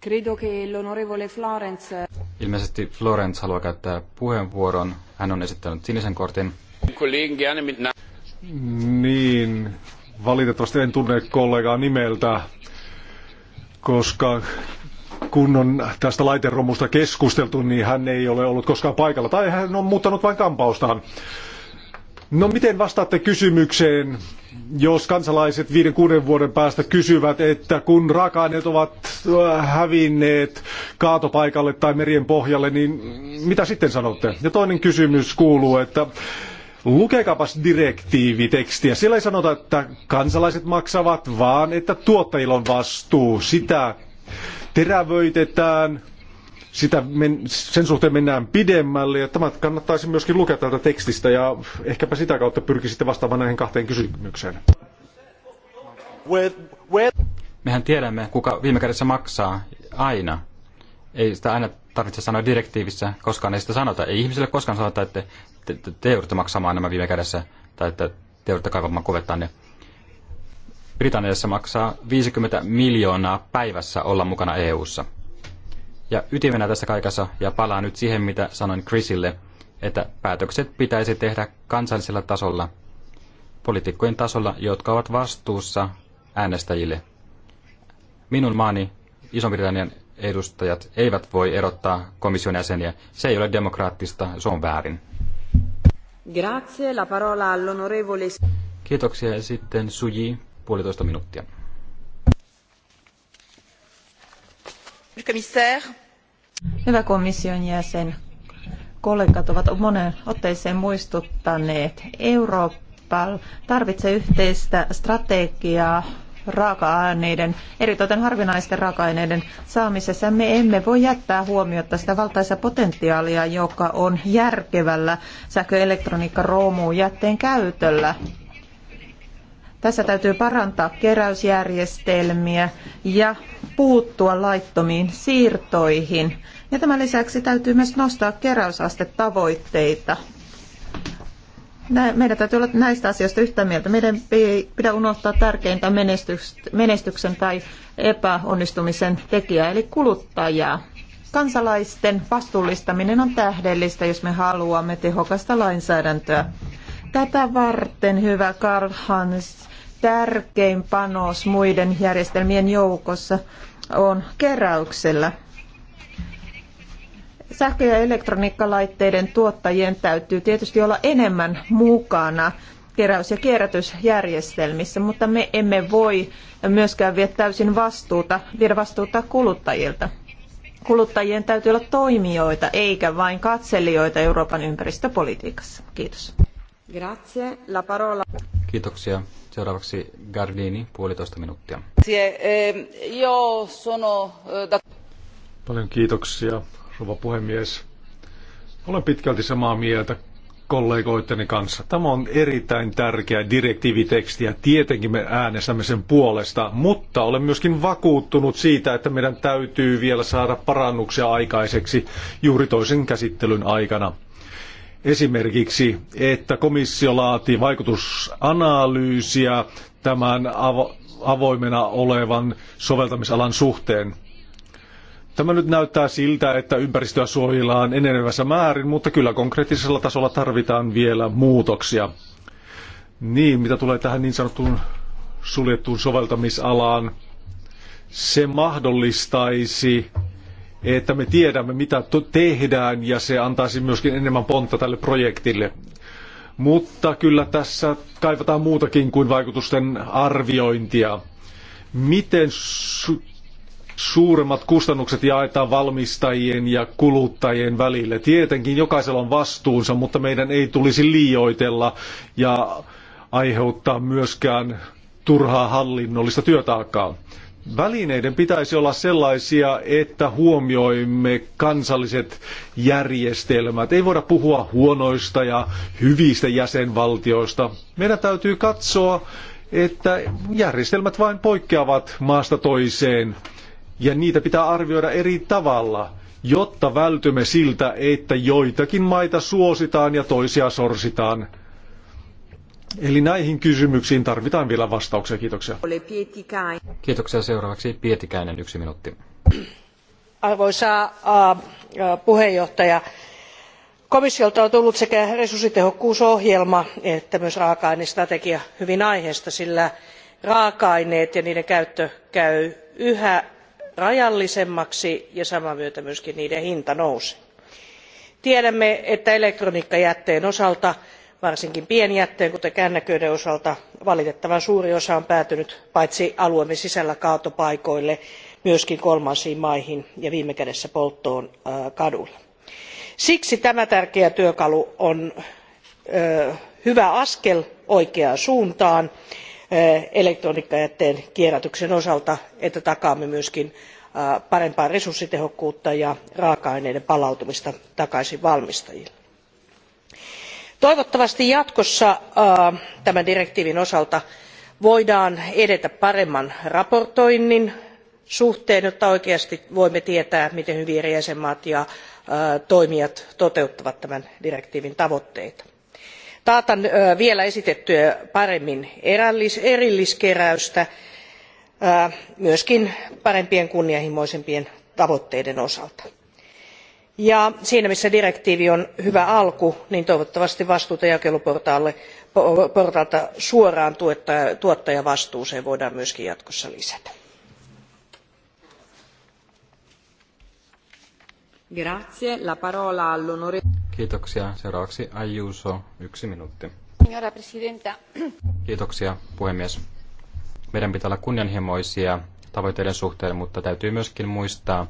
Credo che l'onorevole Florence...
Ilmeisesti Florence haluaa käyttää puheenvuoron. Hän on esittänyt sinisen kortin.
Niin, valitettavasti en tunne kollegaa nimeltä, koska kun on tästä laiteromusta keskusteltu, niin hän ei ole ollut koskaan paikalla. Tai hän on muuttanut vain kampaustaan. No miten vastaatte kysymykseen, jos kansalaiset viiden kuuden vuoden päästä kysyvät, että kun raaka-aineet ovat äh, hävinneet kaatopaikalle tai merien pohjalle, niin mitä sitten sanotte? Ja toinen kysymys kuuluu, että Lukekapas direktiivitekstiä. Siellä ei sanota, että kansalaiset maksavat, vaan että tuottajilla on vastuu. Sitä terävöitetään, sitä men, sen suhteen mennään pidemmälle, ja tämä kannattaisi myöskin lukea täältä tekstistä, ja ehkäpä sitä kautta pyrkisitte vastaamaan näihin kahteen kysymykseen.
Mehän tiedämme, kuka viime kädessä maksaa aina. Ei sitä aina tarvitse sanoa direktiivissä, koskaan ei sitä sanota. Ei ihmisille koskaan sanota, että te, te, te joudutte maksamaan nämä viime kädessä, tai että te joudutte kaivamaan kuvettanne. Britanniassa maksaa 50 miljoonaa päivässä olla mukana EU:ssa. Ja ytimenä tässä kaikessa, ja palaan nyt siihen, mitä sanoin Chrisille, että päätökset pitäisi tehdä kansallisella tasolla, poliitikkojen tasolla, jotka ovat vastuussa äänestäjille. Minun maani, Iso-Britannian edustajat, eivät voi erottaa komission jäseniä. Se ei ole demokraattista, se on väärin.
Grazie, la parola all'onorevole...
Kiitoksia. Sitten Suji, puolitoista minuuttia.
Commissaire, Hyvä komission jäsen, kollegat ovat monen otteeseen muistuttaneet. Eurooppa tarvitsee yhteistä strategiaa raaka-aineiden, eritoten harvinaisten raaka-aineiden saamisessa. Me emme voi jättää huomiota sitä valtaisa potentiaalia, joka on järkevällä sähköelektroniikka, roomu, jätteen käytöllä tässä täytyy parantaa keräysjärjestelmiä ja puuttua laittomiin siirtoihin. Ja tämän lisäksi täytyy myös nostaa keräysastetavoitteita. Meidän täytyy olla näistä asioista yhtä mieltä. Meidän ei pidä unohtaa tärkeintä menestyksen tai epäonnistumisen tekijää, eli kuluttajaa. Kansalaisten vastuullistaminen on tähdellistä, jos me haluamme tehokasta lainsäädäntöä. Tätä varten hyvä Karl Hans tärkein panos muiden järjestelmien joukossa on keräyksellä. Sähkö- ja elektroniikkalaitteiden tuottajien täytyy tietysti olla enemmän mukana keräys- ja kierrätysjärjestelmissä, mutta me emme voi myöskään viedä täysin vastuuta, viedä vastuuta kuluttajilta. Kuluttajien täytyy olla toimijoita eikä vain katselijoita Euroopan ympäristöpolitiikassa. Kiitos.
Grazie. La parola.
Kiitoksia. Seuraavaksi Gardini, puolitoista minuuttia.
Ehm, eh,
Paljon kiitoksia, rouva puhemies. Olen pitkälti samaa mieltä kollegoitteni kanssa. Tämä on erittäin tärkeä direktiiviteksti ja tietenkin me äänestämme sen puolesta, mutta olen myöskin vakuuttunut siitä, että meidän täytyy vielä saada parannuksia aikaiseksi juuri toisen käsittelyn aikana. Esimerkiksi, että komissio laati vaikutusanalyysiä tämän avo- avoimena olevan soveltamisalan suhteen. Tämä nyt näyttää siltä, että ympäristöä suojellaan enenevässä määrin, mutta kyllä konkreettisella tasolla tarvitaan vielä muutoksia. Niin, mitä tulee tähän niin sanottuun suljettuun soveltamisalaan, se mahdollistaisi että me tiedämme, mitä tehdään, ja se antaisi myöskin enemmän pontta tälle projektille. Mutta kyllä tässä kaivataan muutakin kuin vaikutusten arviointia. Miten su suuremmat kustannukset jaetaan valmistajien ja kuluttajien välille? Tietenkin jokaisella on vastuunsa, mutta meidän ei tulisi liioitella ja aiheuttaa myöskään turhaa hallinnollista työtaakkaa välineiden pitäisi olla sellaisia, että huomioimme kansalliset järjestelmät. Ei voida puhua huonoista ja hyvistä jäsenvaltioista. Meidän täytyy katsoa, että järjestelmät vain poikkeavat maasta toiseen ja niitä pitää arvioida eri tavalla, jotta vältymme siltä, että joitakin maita suositaan ja toisia sorsitaan. Eli näihin kysymyksiin tarvitaan vielä vastauksia. Kiitoksia. Kiitoksia. Seuraavaksi Pietikäinen,
yksi minuutti.
Arvoisa puheenjohtaja, komissiolta on tullut sekä resurssitehokkuusohjelma että myös raaka ainestrategia hyvin aiheesta sillä raaka aineet ja niiden käyttö käy yhä rajallisemmaksi ja saman myötä myöskin niiden hinta nousee. tiedämme että elektroniikkajätteen osalta varsinkin pienjätteen kuten kännyköiden osalta valitettavan suuri osa on päätynyt paitsi alueemme sisällä kaatopaikoille myöskin kolmansiin maihin ja viime kädessä polttoon kaduilla. siksi tämä tärkeä työkalu on hyvä askel oikeaan suuntaan elektroniikkajätteen kierrätyksen osalta että takaamme myöskin parempaa resurssitehokkuutta ja raaka aineiden palautumista takaisin valmistajille toivottavasti jatkossa tämän direktiivin osalta voidaan edetä paremman raportoinnin suhteen jotta oikeasti voimme tietää miten hyvin eri jäsenvaltiot ja toimijat toteuttavat tämän direktiivin tavoitteita taata vielä esitettyä paremmin erilliskeräystä myös parempien kunnianhimoisempien tavoitteiden osalta ja siinä missä direktiivi on hyvä alku niin toivottavasti vastuuta jakeluportaalta suoraan tuottajavastuuseen voidaan myös jatkossa lisätä.
Kiitoksia. yksi minuutti. Kiitoksia, puhemies. Meidän pitää olla kunnianhimoisia tavoitteiden suhteen, mutta täytyy myöskin muistaa,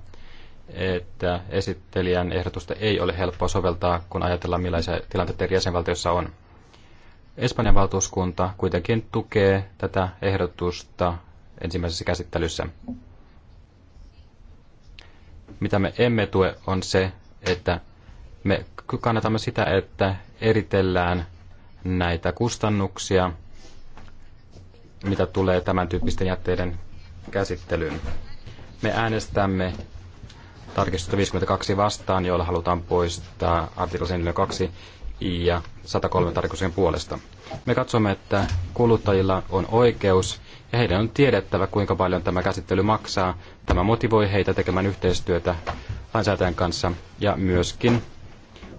että esittelijän ehdotusta ei ole helppoa soveltaa, kun ajatellaan millaisia tilanteita eri jäsenvaltioissa on. Espanjan valtuuskunta kuitenkin tukee tätä ehdotusta ensimmäisessä käsittelyssä. Mitä me emme tue on se, että me kannatamme sitä, että eritellään näitä kustannuksia, mitä tulee tämän tyyppisten jätteiden käsittelyyn. Me äänestämme tarkistusta 52 vastaan, joilla halutaan poistaa artikla 42 ja 103 tarkistuksen puolesta. Me katsomme, että kuluttajilla on oikeus ja heidän on tiedettävä, kuinka paljon tämä käsittely maksaa. Tämä motivoi heitä tekemään yhteistyötä lainsäätäjän kanssa ja myöskin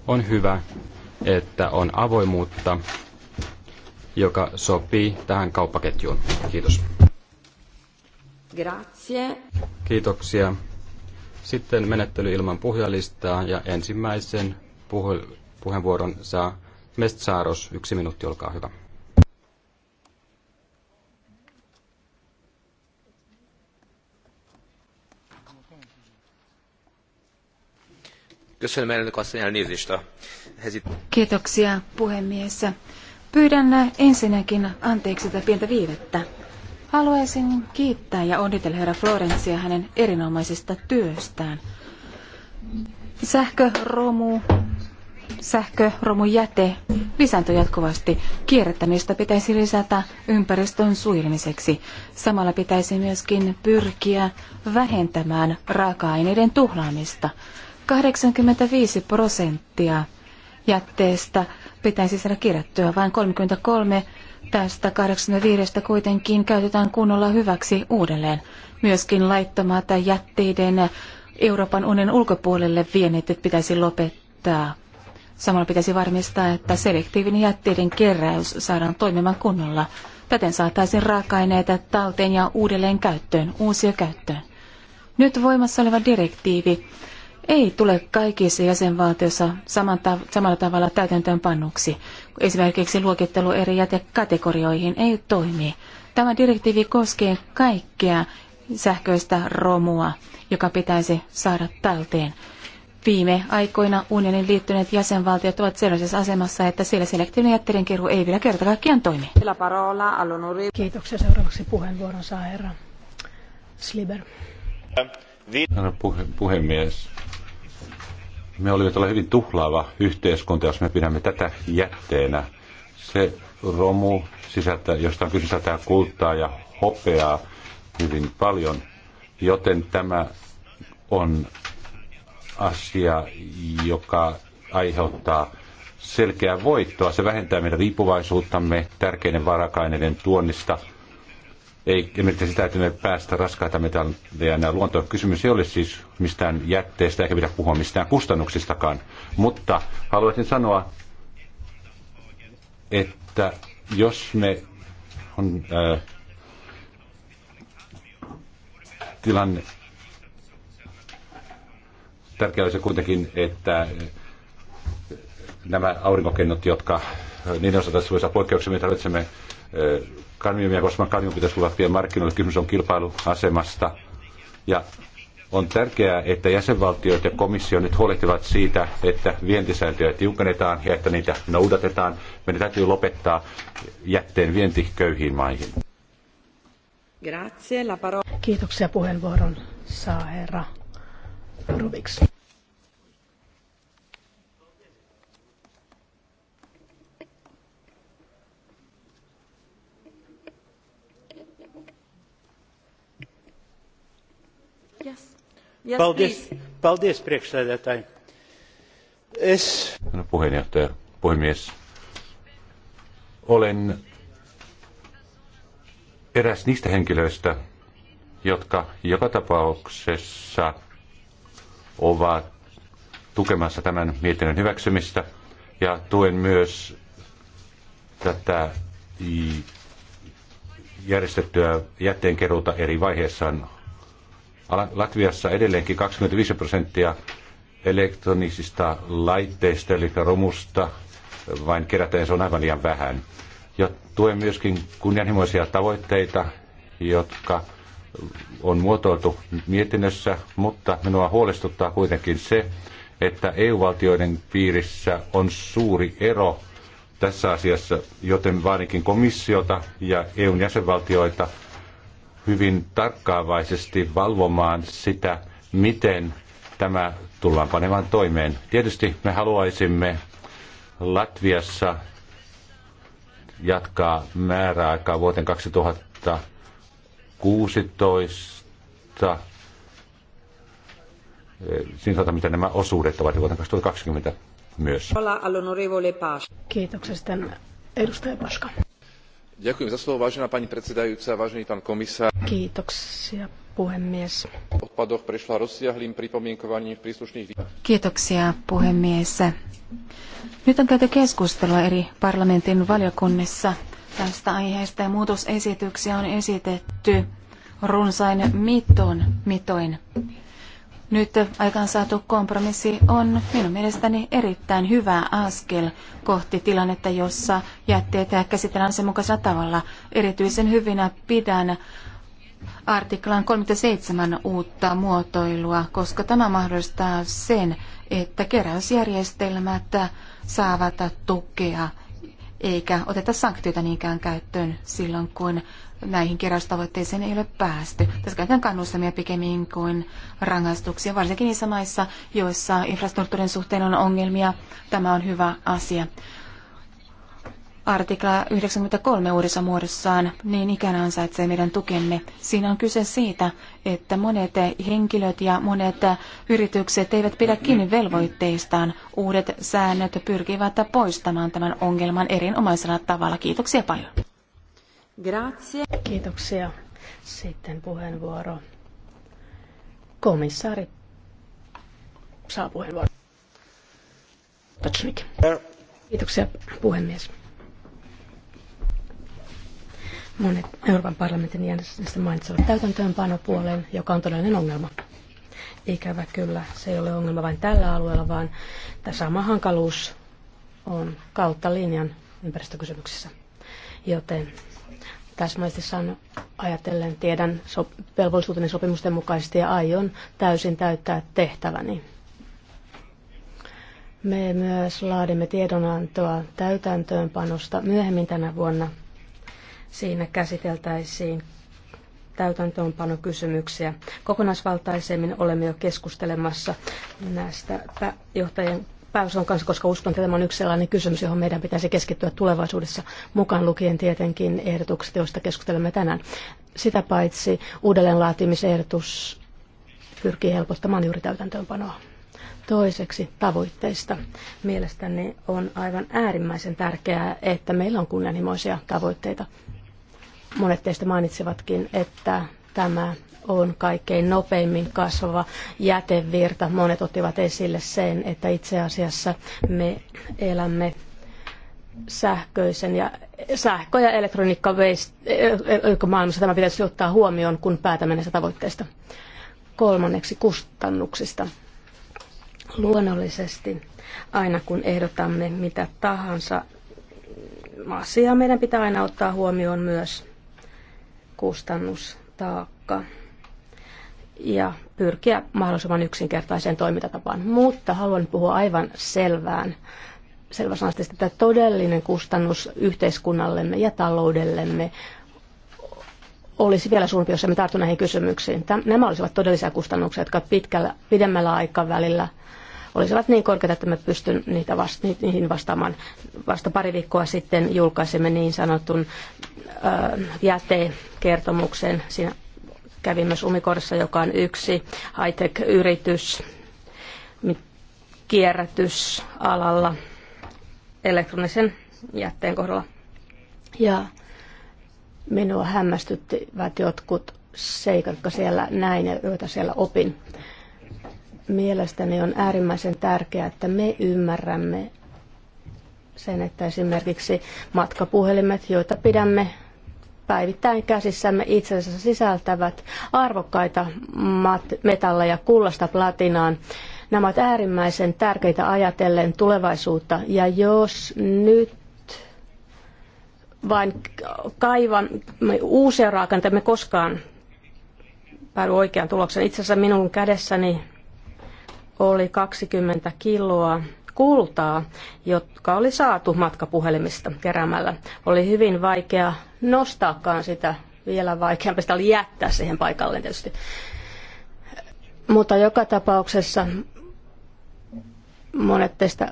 on hyvä, että on avoimuutta, joka sopii tähän kauppaketjuun. Kiitos.
Grazie.
Kiitoksia. Sitten menettely ilman puhujalistaa ja ensimmäisen puhe- puheenvuoron saa Mestsaaros. Yksi minuutti, olkaa hyvä.
Kiitoksia puhemies. Pyydän ensinnäkin anteeksi tätä pientä viivettä. Haluaisin kiittää ja onnitella herra Florencia hänen erinomaisesta työstään. Sähköromu, sähköromujäte lisääntyy jatkuvasti. Kierrättämistä pitäisi lisätä ympäristön suojelemiseksi. Samalla pitäisi myöskin pyrkiä vähentämään raaka-aineiden tuhlaamista. 85 prosenttia jätteestä pitäisi saada kirjattua vain 33 Tästä 85 kuitenkin käytetään kunnolla hyväksi uudelleen. Myöskin laittomata jätteiden Euroopan unionin ulkopuolelle vieneet pitäisi lopettaa. Samalla pitäisi varmistaa, että selektiivinen jätteiden keräys saadaan toimimaan kunnolla. Täten saataisiin raaka-aineita talteen ja uudelleen käyttöön, uusia käyttöön. Nyt voimassa oleva direktiivi ei tule kaikissa jäsenvaltioissa saman ta- samalla tavalla täytäntöönpannuksi. Esimerkiksi luokittelu eri jätekategorioihin ei toimi. Tämä direktiivi koskee kaikkea sähköistä romua, joka pitäisi saada talteen. Viime aikoina unionin liittyneet jäsenvaltiot ovat sellaisessa asemassa, että siellä selektiivinen jätteiden keru ei vielä kerta kaikkiaan toimi.
Kiitoksia. Seuraavaksi puheenvuoron saa herra Sliber.
Herra puhe- puhemies, me olimme tällä hyvin tuhlaava yhteiskunta, jos me pidämme tätä jätteenä. Se romu sisältää, josta on sisältää kultaa ja hopeaa hyvin paljon, joten tämä on asia, joka aiheuttaa selkeää voittoa. Se vähentää meidän riippuvaisuuttamme tärkeiden varakaineiden tuonnista – ei merkitä sitä, että me päästä raskaita metalleja enää luontoon. Kysymys ei ole siis mistään jätteestä eikä pidä puhua mistään kustannuksistakaan. Mutta haluaisin sanoa, että jos me on ää, äh, tilanne, tärkeää olisi kuitenkin, että äh, nämä aurinkokennot, jotka äh, niiden osalta suissa poikkeuksia me tarvitsemme äh, kadmiumia koska kadmium pitäisi tulla vielä markkinoille. Kysymys on kilpailuasemasta. Ja on tärkeää, että jäsenvaltiot ja komissio nyt huolehtivat siitä, että vientisääntöjä tiukennetaan ja että niitä noudatetaan. Meidän täytyy lopettaa jätteen vienti köyhiin maihin.
Kiitoksia puheenvuoron saa herra Rubiks.
Yes, puhemies. Olen eräs niistä henkilöistä, jotka joka tapauksessa ovat tukemassa tämän mietinnön hyväksymistä ja tuen myös tätä järjestettyä jätteenkeruuta eri vaiheissaan Latviassa edelleenkin 25 prosenttia elektronisista laitteista, eli romusta, vain kerätään, se on aivan liian vähän. Ja tuen myöskin kunnianhimoisia tavoitteita, jotka on muotoiltu mietinnössä, mutta minua huolestuttaa kuitenkin se, että EU-valtioiden piirissä on suuri ero tässä asiassa, joten vaadinkin komissiota ja EUn jäsenvaltioita – hyvin tarkkaavaisesti valvomaan sitä, miten tämä tullaan panemaan toimeen. Tietysti me haluaisimme Latviassa jatkaa määräaikaa vuoteen 2016 siinä sanotaan, mitä nämä osuudet ovat vuoteen 2020
myös.
Kiitoksia edustaja Paska.
Kiitoksia puhemies.
Kiitoksia puhemies. Nyt on käyty keskustelua eri parlamentin valiokunnissa tästä aiheesta ja muutosesityksiä on esitetty runsain miton, mitoin nyt aikaansaatu kompromissi on minun mielestäni erittäin hyvä askel kohti tilannetta, jossa jätteitä käsitellään sen mukaisella tavalla. Erityisen hyvinä pidän artiklan 37 uutta muotoilua, koska tämä mahdollistaa sen, että keräysjärjestelmät saavat tukea eikä oteta sanktioita niinkään käyttöön silloin, kun näihin keräystavoitteisiin ei ole päästy. Tässä käytetään kannustamia pikemmin kuin rangaistuksia, varsinkin niissä maissa, joissa infrastruktuurin suhteen on ongelmia. Tämä on hyvä asia. Artikla 93 uudessa muodossaan niin ikään ansaitsee meidän tukemme. Siinä on kyse siitä, että monet henkilöt ja monet yritykset eivät pidä kiinni velvoitteistaan. Uudet säännöt pyrkivät poistamaan tämän ongelman erinomaisella tavalla. Kiitoksia paljon.
Grazie. Kiitoksia. Sitten puheenvuoro. Komissaari saa puheenvuoron. Patsnik. Kiitoksia puhemies. Monet Euroopan parlamentin jäsenistä mainitsevat täytäntöönpanopuolen, joka on todellinen ongelma. Ikävä kyllä, se ei ole ongelma vain tällä alueella, vaan tämä sama hankaluus on kautta linjan ympäristökysymyksissä. Joten täsmällisesti sanon ajatellen tiedän so- velvollisuuteni sopimusten mukaisesti ja aion täysin täyttää tehtäväni. Me myös laadimme tiedonantoa täytäntöönpanosta myöhemmin tänä vuonna. Siinä käsiteltäisiin täytäntöönpanokysymyksiä. Kokonaisvaltaisemmin olemme jo keskustelemassa näistä johtajien pääosan kanssa, koska uskon, että tämä on yksi sellainen kysymys, johon meidän pitäisi keskittyä tulevaisuudessa, mukaan lukien tietenkin ehdotukset, joista keskustelemme tänään. Sitä paitsi uudelleenlaatimisehdotus pyrkii helpottamaan juuri täytäntöönpanoa. Toiseksi tavoitteista. Mielestäni on aivan äärimmäisen tärkeää, että meillä on kunnianhimoisia tavoitteita. Monet teistä mainitsivatkin, että tämä on kaikkein nopeimmin kasvava jätevirta. Monet ottivat esille sen, että itse asiassa me elämme sähköisen ja sähkö- ja elektroniikkamaailmassa eh, eh, tämä pitäisi ottaa huomioon, kun päätämme näistä tavoitteista. Kolmanneksi kustannuksista. Luonnollisesti aina kun ehdotamme mitä tahansa asiaa, meidän pitää aina ottaa huomioon myös kustannustaakka ja pyrkiä mahdollisimman yksinkertaiseen toimintatapaan. Mutta haluan puhua aivan selvään selväsanaisesti, että todellinen kustannus yhteiskunnallemme ja taloudellemme olisi vielä suurempi, jos emme tartu näihin kysymyksiin. nämä olisivat todellisia kustannuksia, jotka pitkällä, pidemmällä aikavälillä olisivat niin korkeita, että me pystyn niitä vasta, niihin vastaamaan. Vasta pari viikkoa sitten julkaisimme niin sanotun ö, jätekertomuksen. Siinä Kävin myös Umikorissa, joka on yksi high-tech-yritys kierrätysalalla elektronisen jätteen kohdalla. Ja minua hämmästyttivät jotkut seikat, jotka siellä näin ja joita siellä opin. Mielestäni on äärimmäisen tärkeää, että me ymmärrämme sen, että esimerkiksi matkapuhelimet, joita pidämme päivittäin käsissämme itsensä sisältävät arvokkaita metalleja kullasta platinaan. Nämä ovat äärimmäisen tärkeitä ajatellen tulevaisuutta ja jos nyt vain kaivan uusia raaka me koskaan päädy oikean tuloksen. Itse asiassa minun kädessäni oli 20 kiloa kultaa, jotka oli saatu matkapuhelimista keräämällä. Oli hyvin vaikea nostaakaan sitä vielä vaikeampi, sitä oli jättää siihen paikalleen tietysti. Mutta joka tapauksessa monet teistä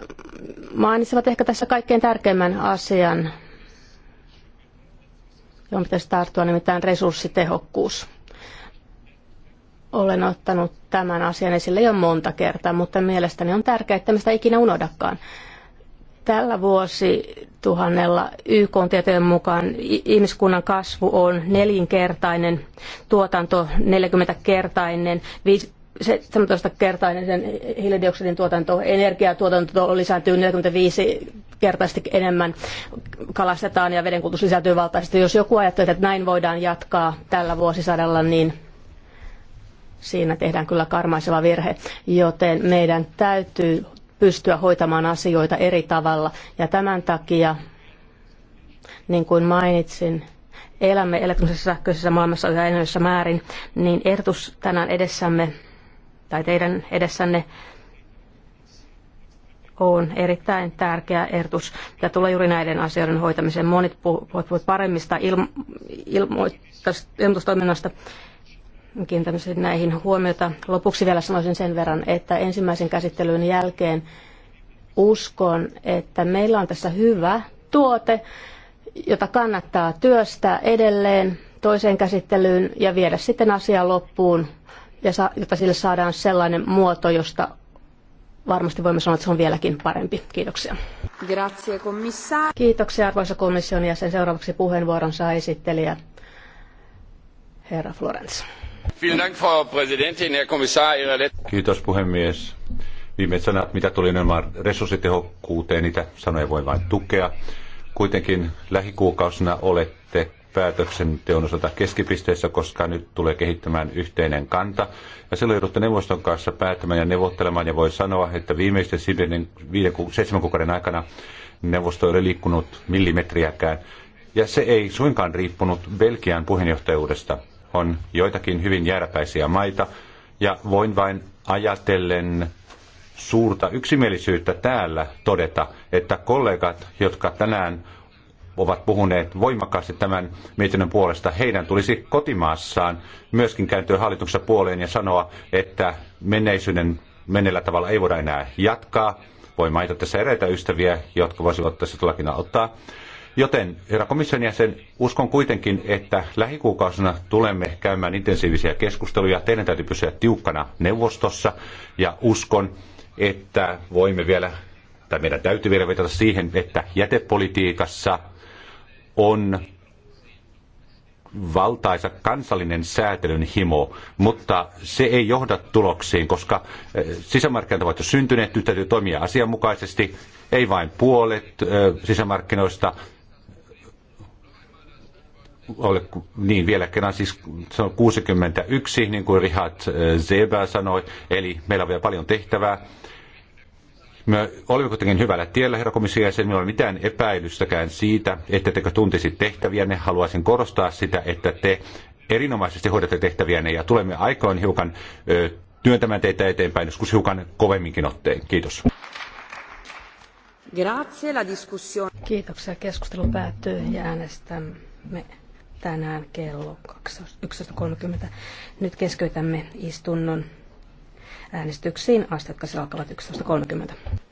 mainitsevat ehkä tässä kaikkein tärkeimmän asian, johon pitäisi tarttua, nimittäin resurssitehokkuus. Olen ottanut tämän asian esille jo monta kertaa, mutta mielestäni on tärkeää, että me sitä ikinä unohdakaan. Tällä vuosituhannella YK tietojen mukaan ihmiskunnan kasvu on nelinkertainen, tuotanto 40-kertainen, 17-kertainen hiilidioksidin tuotanto, energiatuotanto on lisääntyy 45 kertaisesti enemmän, kalastetaan ja vedenkulutus lisääntyy valtaisesti. Jos joku ajattelee, että näin voidaan jatkaa tällä vuosisadalla, niin siinä tehdään kyllä karmaiseva virhe, joten meidän täytyy pystyä hoitamaan asioita eri tavalla. Ja tämän takia, niin kuin mainitsin, elämme elektronisessa sähköisessä maailmassa yhä enemmän määrin, niin ehdotus tänään edessämme tai teidän edessänne on erittäin tärkeä ehdotus, ja tulee juuri näiden asioiden hoitamiseen. Monet puhuvat paremmista ilmo- ilmoitustoiminnasta. Ilmo- kiinnitämme näihin huomiota. Lopuksi vielä sanoisin sen verran, että ensimmäisen käsittelyn jälkeen uskon, että meillä on tässä hyvä tuote, jota kannattaa työstää edelleen toiseen käsittelyyn ja viedä sitten asia loppuun, ja sa- jotta sille saadaan sellainen muoto, josta varmasti voimme sanoa, että se on vieläkin parempi. Kiitoksia. Grazie, komissaari. Kiitoksia arvoisa komission jäsen. Seuraavaksi puheenvuoron saa esittelijä herra Florence.
Kiitos puhemies. Viimeiset sanat, mitä tuli nimenomaan resurssitehokkuuteen, niitä sanoja voi vain tukea. Kuitenkin lähikuukausina olette päätöksenteon osalta keskipisteessä, koska nyt tulee kehittämään yhteinen kanta. Ja silloin joudutte neuvoston kanssa päättämään ja neuvottelemaan, ja voi sanoa, että viimeisten viiden, seitsemän kuukauden aikana neuvosto ei ole liikkunut millimetriäkään. Ja se ei suinkaan riippunut Belgian puheenjohtajuudesta on joitakin hyvin jääräpäisiä maita, ja voin vain ajatellen suurta yksimielisyyttä täällä todeta, että kollegat, jotka tänään ovat puhuneet voimakkaasti tämän mietinnön puolesta, heidän tulisi kotimaassaan myöskin kääntyä hallituksessa puoleen ja sanoa, että menneisyyden menellä tavalla ei voida enää jatkaa. Voi mainita tässä eräitä ystäviä, jotka voisivat tässä tulakin auttaa. Joten, herra komission jäsen, uskon kuitenkin, että lähikuukausina tulemme käymään intensiivisiä keskusteluja. Teidän täytyy pysyä tiukkana neuvostossa ja uskon, että voimme vielä, tai meidän täytyy vielä vetää siihen, että jätepolitiikassa on valtaisa kansallinen säätelyn himo, mutta se ei johda tuloksiin, koska eh, sisämarkkinat ovat jo syntyneet, nyt täytyy toimia asianmukaisesti, ei vain puolet eh, sisämarkkinoista ole niin vielä kerran, siis se on 61, niin kuin Richard äh, Zeber sanoi, eli meillä on vielä paljon tehtävää. Me olemme kuitenkin hyvällä tiellä, herra komission jäsen. Minulla ei ole mitään epäilystäkään siitä, että tekö tuntisi ne Haluaisin korostaa sitä, että te erinomaisesti hoidatte tehtäviänne ja tulemme aikaan hiukan ö, työntämään teitä eteenpäin, joskus hiukan kovemminkin otteen. Kiitos.
Grazie, la Kiitoksia. Keskustelu päättyy ja äänestämme tänään kello 11.30. Nyt keskeytämme istunnon äänestyksiin asti, jotka alkavat 11.30.